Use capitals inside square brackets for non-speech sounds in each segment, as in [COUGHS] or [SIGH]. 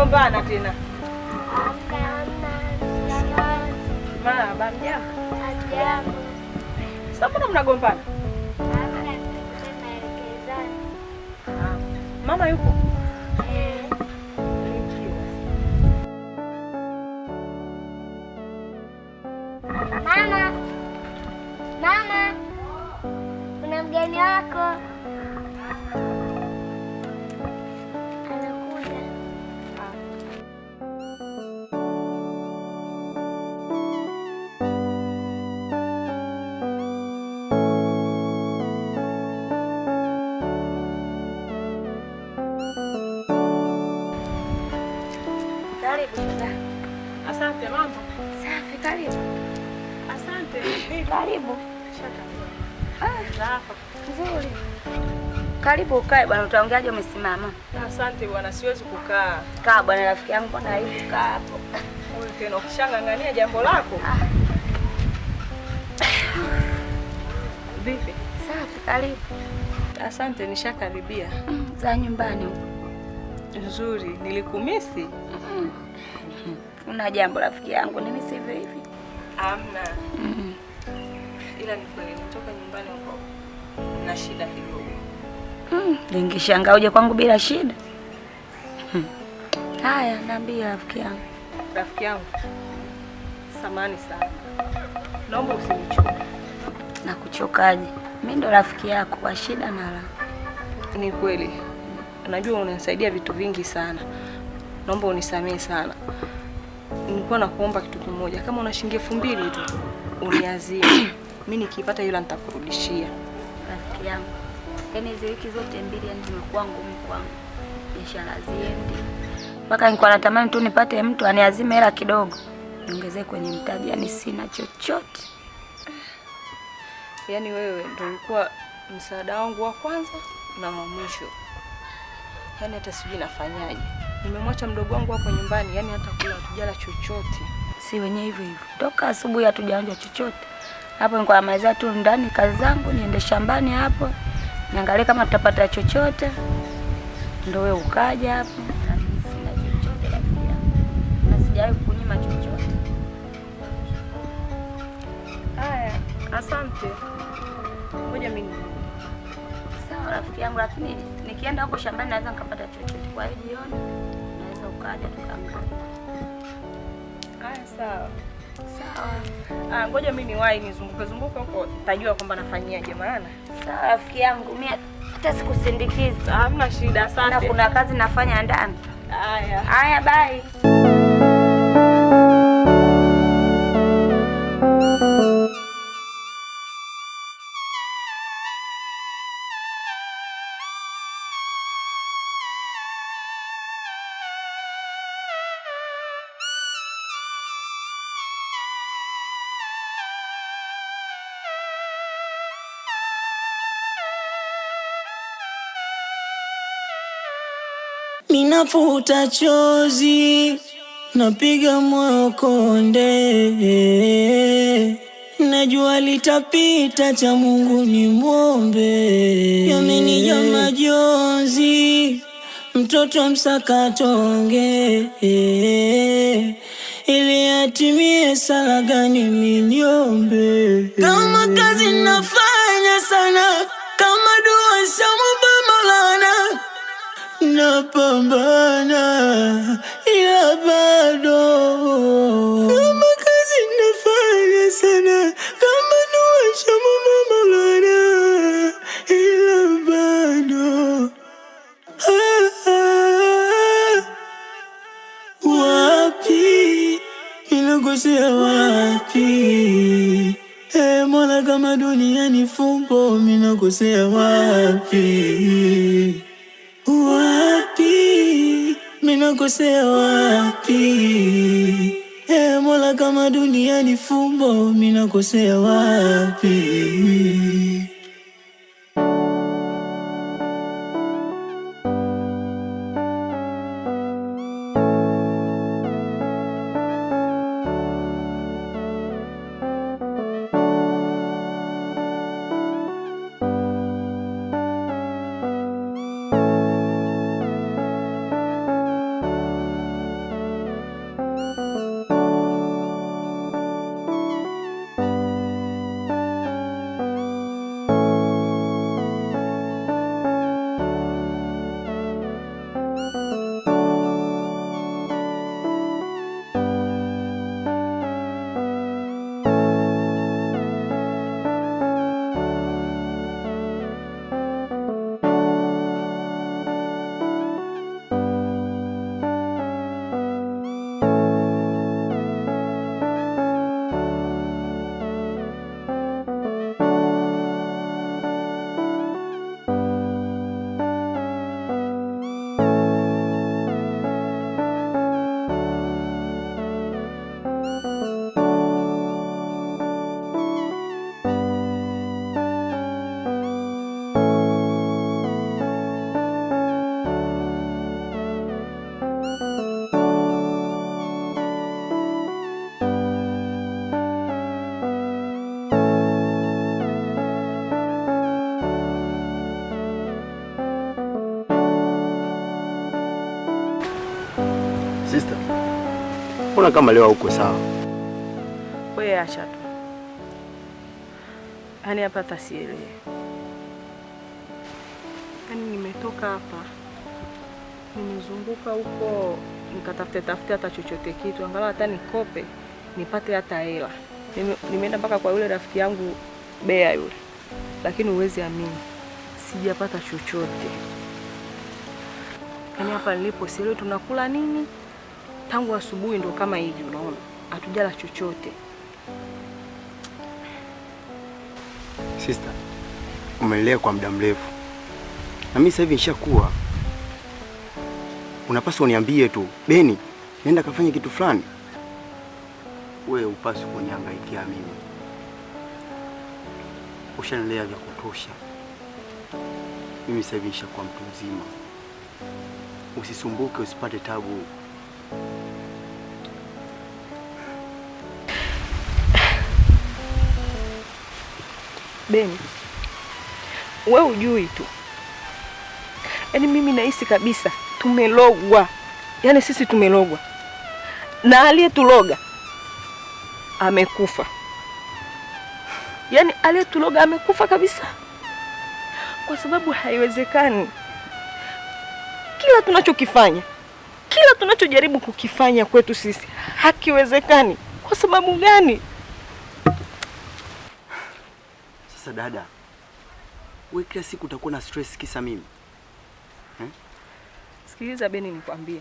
mnagombana tena? Sasa mbona mnagombana? Ah, mama yupo? Mama, mama, kuna mgeni wako. Safi, karibu. Asante. Karibu. Ah, nzuri. Karibu ukae bwana, utaongeaje umesimama? Asante bwana, siwezi kukaa. Kaa bwana rafiki yangu, mbona hivi kaa hapo? Wewe tena ukishang'ang'ania jambo lako. Ah. Vipi? Safi, karibu. Asante, nishakaribia. Mm, za nyumbani huko. Nzuri, nilikumisi. Kuna jambo rafiki yangu, mimi hivyo hivi. Amna. Mm. Ila ni kweli nitoka nyumbani huko na shida kidogo. Mm, lingishangaa uje kwangu bila shida. Hmm. Haya, naambia rafiki yangu. Rafiki yangu. Samani sana. Naomba usinichoke. Na kuchokaje? Mimi ndo rafiki yako kwa shida na la. Ni kweli. Najua unanisaidia vitu vingi sana. Naomba unisamehe sana nilikuwa nakuomba kitu kimoja, kama una shilingi elfu mbili tu uniazie mimi [COUGHS] nikipata yule nitakurudishia. Rafiki yangu, yani hizo wiki zote mbili yani zimekuwa ngumu kwangu, biashara ziende mpaka nilikuwa natamani tu nipate mtu aniazime hela kidogo niongezee kwenye mtaji, yani sina chochote. Yani wewe ndio ulikuwa msaada wangu wa kwanza na wa mwisho, yani hata sijui nafanyaje. Nimemwacha mdogo wangu hapo nyumbani, yani hata kula hatujala chochote. Si wenyewe hivyo hivyo, toka asubuhi hatujaanja chochote. Hapo nilikuwa namaliza tu ndani kazi zangu, niende shambani hapo niangalie kama tutapata chochote, ndio wewe ukaja hapo. Sina chochote na sijawahi kunyima chochote. Haya, asante. Ngoja mimi sawa, rafiki yangu, lakini nikienda huko shambani naweza nikapata chochote. Kwa hiyo jioni tukaja Haya, sawa sawa. Ah, ngoja mimi niwahi nizunguke zunguke huko, tajua kwamba nafanyiaje. Maana sawa, rafiki yangu, mimi hata sikusindikiza. Hamna shida sana, kuna kazi nafanya ndani. Haya haya, bye. Ninafuta chozi, napiga moyo konde, najua litapita, cha Mungu ni mwombe. Yamenija majonzi, mtoto msakatonge, ili atimie sala gani kama kazi nafa napambana ila bado kama kazi nafanya sana kama nuwasha mama mulana ila bado ah, ah, wapi nilakosea wapi Hey, eh, Mola kama dunia ni fumbo, mimi nakosea wapi? Wapi? Ninakosea wapi? E Mola, kama dunia ni fumbo, minakosea wapi? hakuna kama leo huko sawa. Wewe acha tu. Yaani hapa tasielewi. Yaani nimetoka hapa nimezunguka huko nikatafute tafute hata chochote kitu, angalau hata nikope nipate hata hela. Nimeenda mpaka kwa yule rafiki yangu Bea yule, lakini huwezi amini, sijapata chochote. Yaani hapa nilipo sielewi tunakula nini tangu asubuhi ndo kama hivi, unaona hatujala chochote. Sister, umelea kwa muda mrefu na mimi sasa hivi nishakuwa, unapaswa uniambie tu Beni, nenda kafanya kitu fulani. Wewe upaswi kuniangaikia mimi, ushanilea vya kutosha. Mimi sasa hivi nishakuwa mtu mzima, usisumbuke, usipate tabu. Beni, we ujui tu, yaani mimi nahisi kabisa tumelogwa, yaani sisi tumelogwa na aliyetuloga amekufa, yaani aliyetuloga amekufa kabisa, kwa sababu haiwezekani kila tunachokifanya kila tunachojaribu kukifanya kwetu sisi hakiwezekani. Kwa sababu gani? Sasa dada, wewe kila siku utakuwa na stress kisa mimi eh? Sikiliza Beni, nikwambie,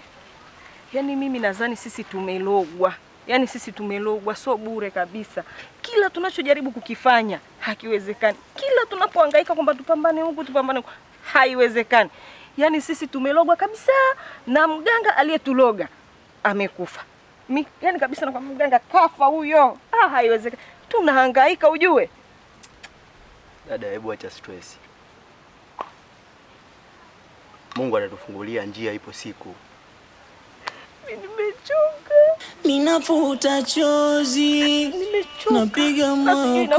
yaani mimi nadhani sisi tumelogwa, yaani sisi tumelogwa, so bure kabisa. Kila tunachojaribu kukifanya hakiwezekani, kila tunapohangaika kwamba tupambane huku tupambane, haiwezekani. Yaani sisi tumelogwa kabisa na mganga aliyetuloga amekufa. Mi, yani kabisa na kwa mganga kafa huyo. Ah, haiwezekani. Tunahangaika ujue. Dada, hebu acha stress. Mungu anatufungulia njia, ipo siku. Mimi nimechoka. Ninafuta chozi. Nimechoka. Napiga makonde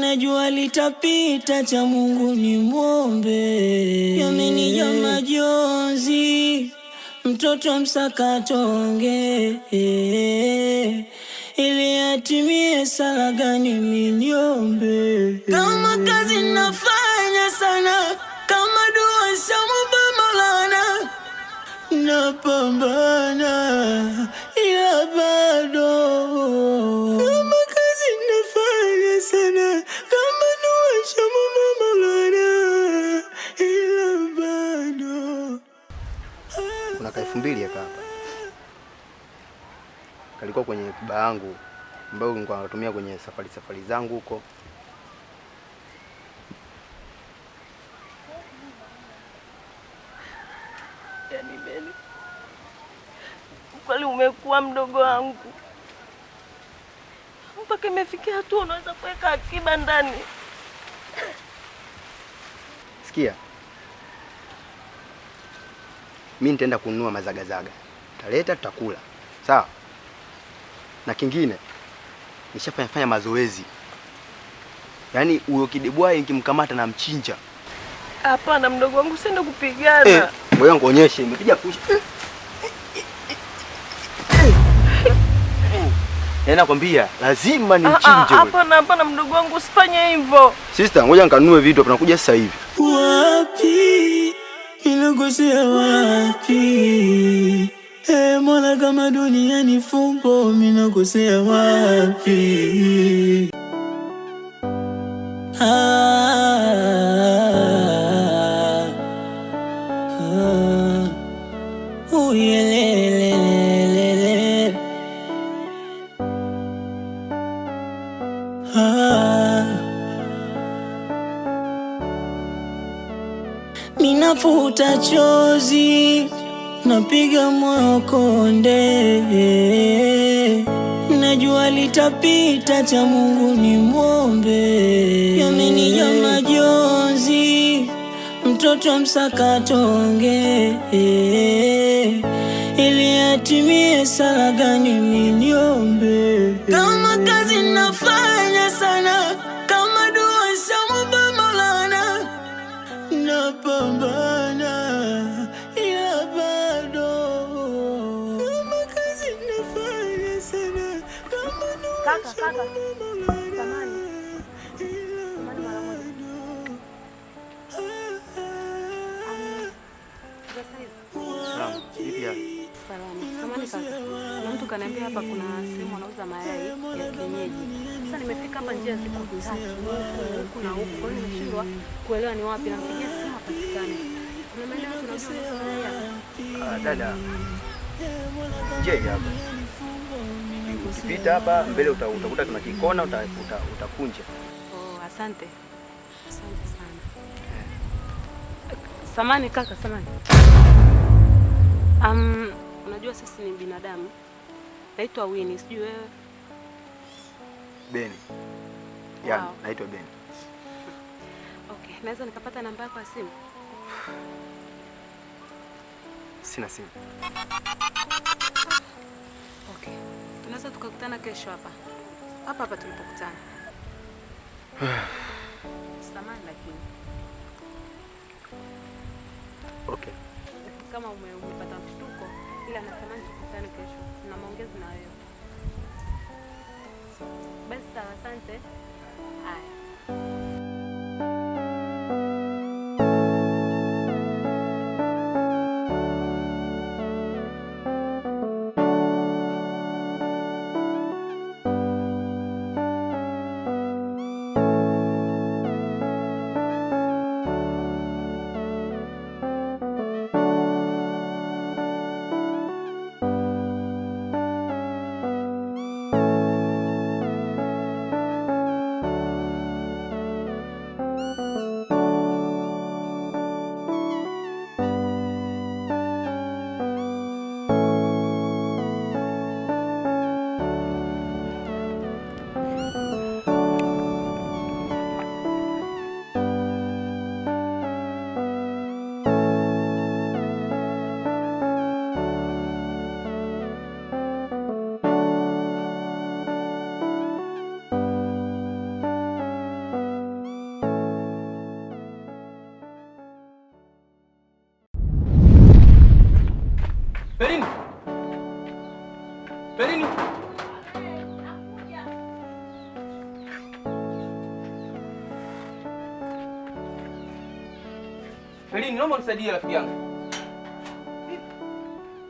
najua litapita, cha Mungu ni mwombe. Yamenija majonzi, mtoto msakatonge, ili atimie sala gani miniombe? Kama kazi nafanya sana, kama dua samaba malana, napambana ilikuwa kwenye akiba yangu ambayo nilikuwa natumia kwenye safari safari zangu huko. Yaani Kweli umekuwa mdogo wangu mpaka imefikia tu unaweza kuweka akiba ndani. Sikia, mi nitaenda kununua mazagazaga, taleta tutakula, sawa? na kingine nishafanya fanya mazoezi, yaani huyo kidibwai nikimkamata na mchinja. Hapana mdogo wangu, sendo kupigana eh. Ngoja nikuonyeshe imepiga push eh, eh, eh, Yaani nakwambia lazima ah, ah, ni mchinje Hapana hapana mdogo wangu usifanye hivyo. Sister, ngoja nikanunue vitu hapa nakuja sasa hivi. Wapi? Nilogosea wapi? Hey, eh, Mola kama dunia ni fumbo, minakosea wapi? ah, ah, ah. ah. Minafuta chozi napiga moyo konde, najua litapita, cha Mungu ni mwombe. Yamenija majonzi, mtoto msakatonge, ili atimie sala gani miniombe, kama kazi nafanya Kaka, kaka. Kuna mtu kaniambia hapa kuna sehemu wanauza mayai ya kienyeji. Sasa nimefika hapa njia siku tatu. na huko. Kwa hiyo nimeshindwa kuelewa ni wapi na simu hapatikani. Kuna maeneo mayai. Ah, dada. hapa ukipita hapa mbele uta, utakuta kuna kikona utakunja uta, uta. Oh, asante. Asante sana. Eh. Samani kaka, samani. Um, unajua sisi ni binadamu. Naitwa Winnie, sijui wewe. Beni. Yeah, wow. Naitwa Beni. Okay, naweza nikapata namba yako ya simu? Sina simu. Okay tunaweza tukakutana kesho hapa hapa hapa tulipokutana. [SIGHS] Samahani lakini okay. Kama umepata mshtuko, ila natamani tukutane kesho na maongezi na wewe. Basi sawa, asante. Felini, naomba unisaidie rafiki yangu.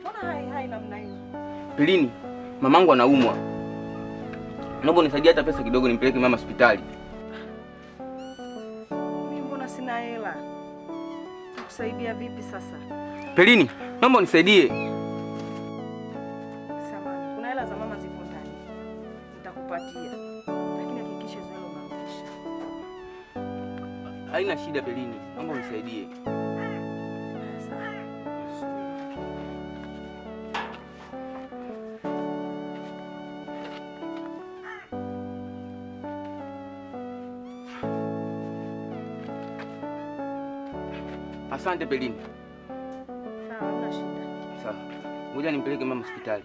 Mbona hai hai namna hii? Felini, mamangu anaumwa. Naomba unisaidie hata pesa kidogo nimpeleke mama hospitali. Mimi mbona sina hela. Nikusaidia vipi sasa? Felini, naomba unisaidie. Samahani, kuna hela za mama zipo ndani. Nitakupatia. Haina shida Pelini, naomba unisaidie. Asante Belinda. Sawa, Pelini. Sawa, ngoja nimpeleke mama hospitali.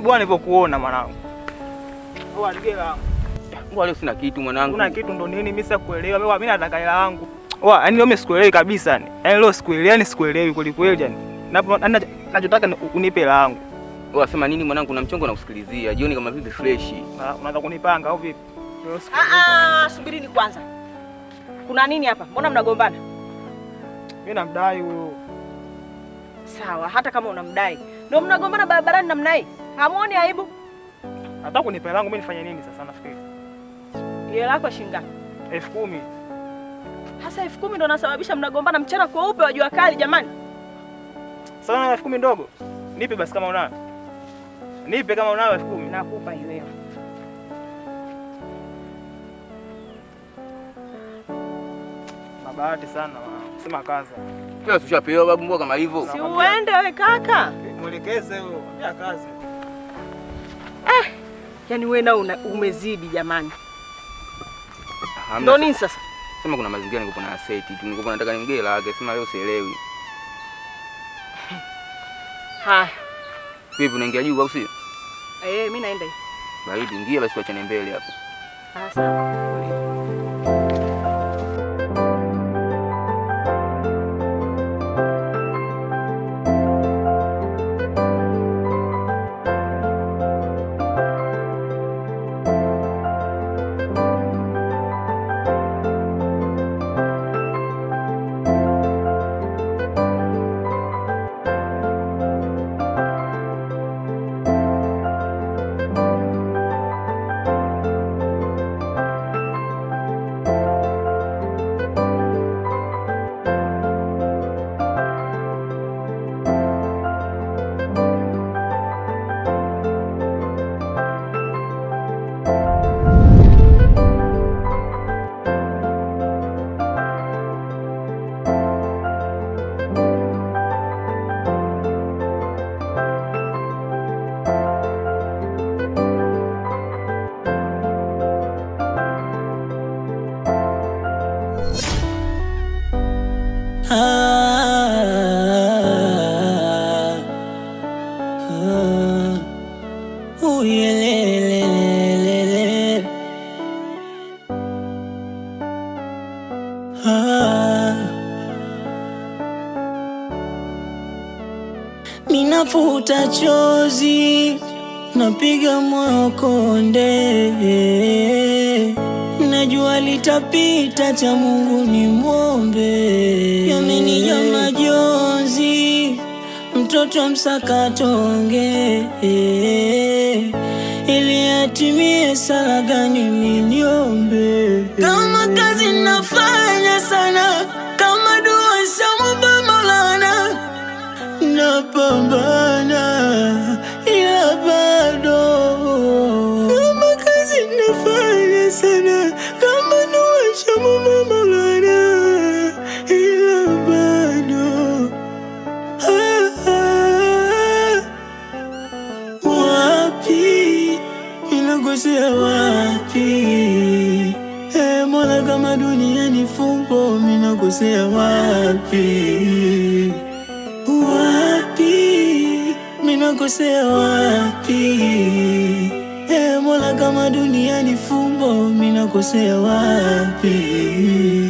bwana nilivyokuona mwanangu. Leo sina kitu mwanangu. Una kitu ndo nini? Mimi sikuelewa. Mimi nataka hela yangu. Wa, yani leo sikuelewi kabisa ni. Yaani leo sikuelewi, yani sikuelewi kweli kweli yani. Nachotaka unipe hela yangu. Wewe sema nini mwanangu, na mchongo nakusikilizia. Jioni kama vipi fresh. Unaanza kunipanga au vipi? Ah ah, ni kwanza. Kuna nini hapa? Mbona mnagombana? Mimi namdai huyo. Sawa, hata kama unamdai. Ndio mnagombana barabarani namna hii. Hamuoni aibu? Nataka kunipa hela yangu mimi nifanye nini sasa nafikiri? Hela yako shilingi ngapi? Elfu kumi. Hasa elfu kumi ndo nasababisha mnagombana mchana kweupe wa jua kali jamani. Sasa na elfu kumi ndogo. Nipe basi kama unayo. Nipe kama unayo elfu kumi. Nakupa hiyo Mabahati sana mama. Sema kaza. Kila ushapewa babu mbwa kama hivyo. Si uende wewe kaka. Mwelekeze huyo. Ambia kazi. Eh, yani wewe nao umezidi jamani. Ndio nini sasa? Sema kuna mazingira niko na aseti tu, niko nataka nimgee lake, sema leo sielewi. [LAUGHS] Haya. Vipi unaingia juu au sio? Eh, mimi naenda hivi. Baridi, ingia basi tuachane mbele hapo. Ah, sawa. Thank you. machozi, napiga moyo konde, najua litapita, cha Mungu ni mwombe. Yamenija majonzi, mtoto msakatonge, ili atimie sala gani niliombe? Kama kazi nafanya sana napambana, ila bado kama kazi nafanya sana, kama nawasha mama Maulana, ila bado wapi ninakosea wapi? Eh, Mola kama dunia ni fumbo, ninakosea wapi? nikosea wapi? E Mola, kama duniani fumbo, minakosea wapi?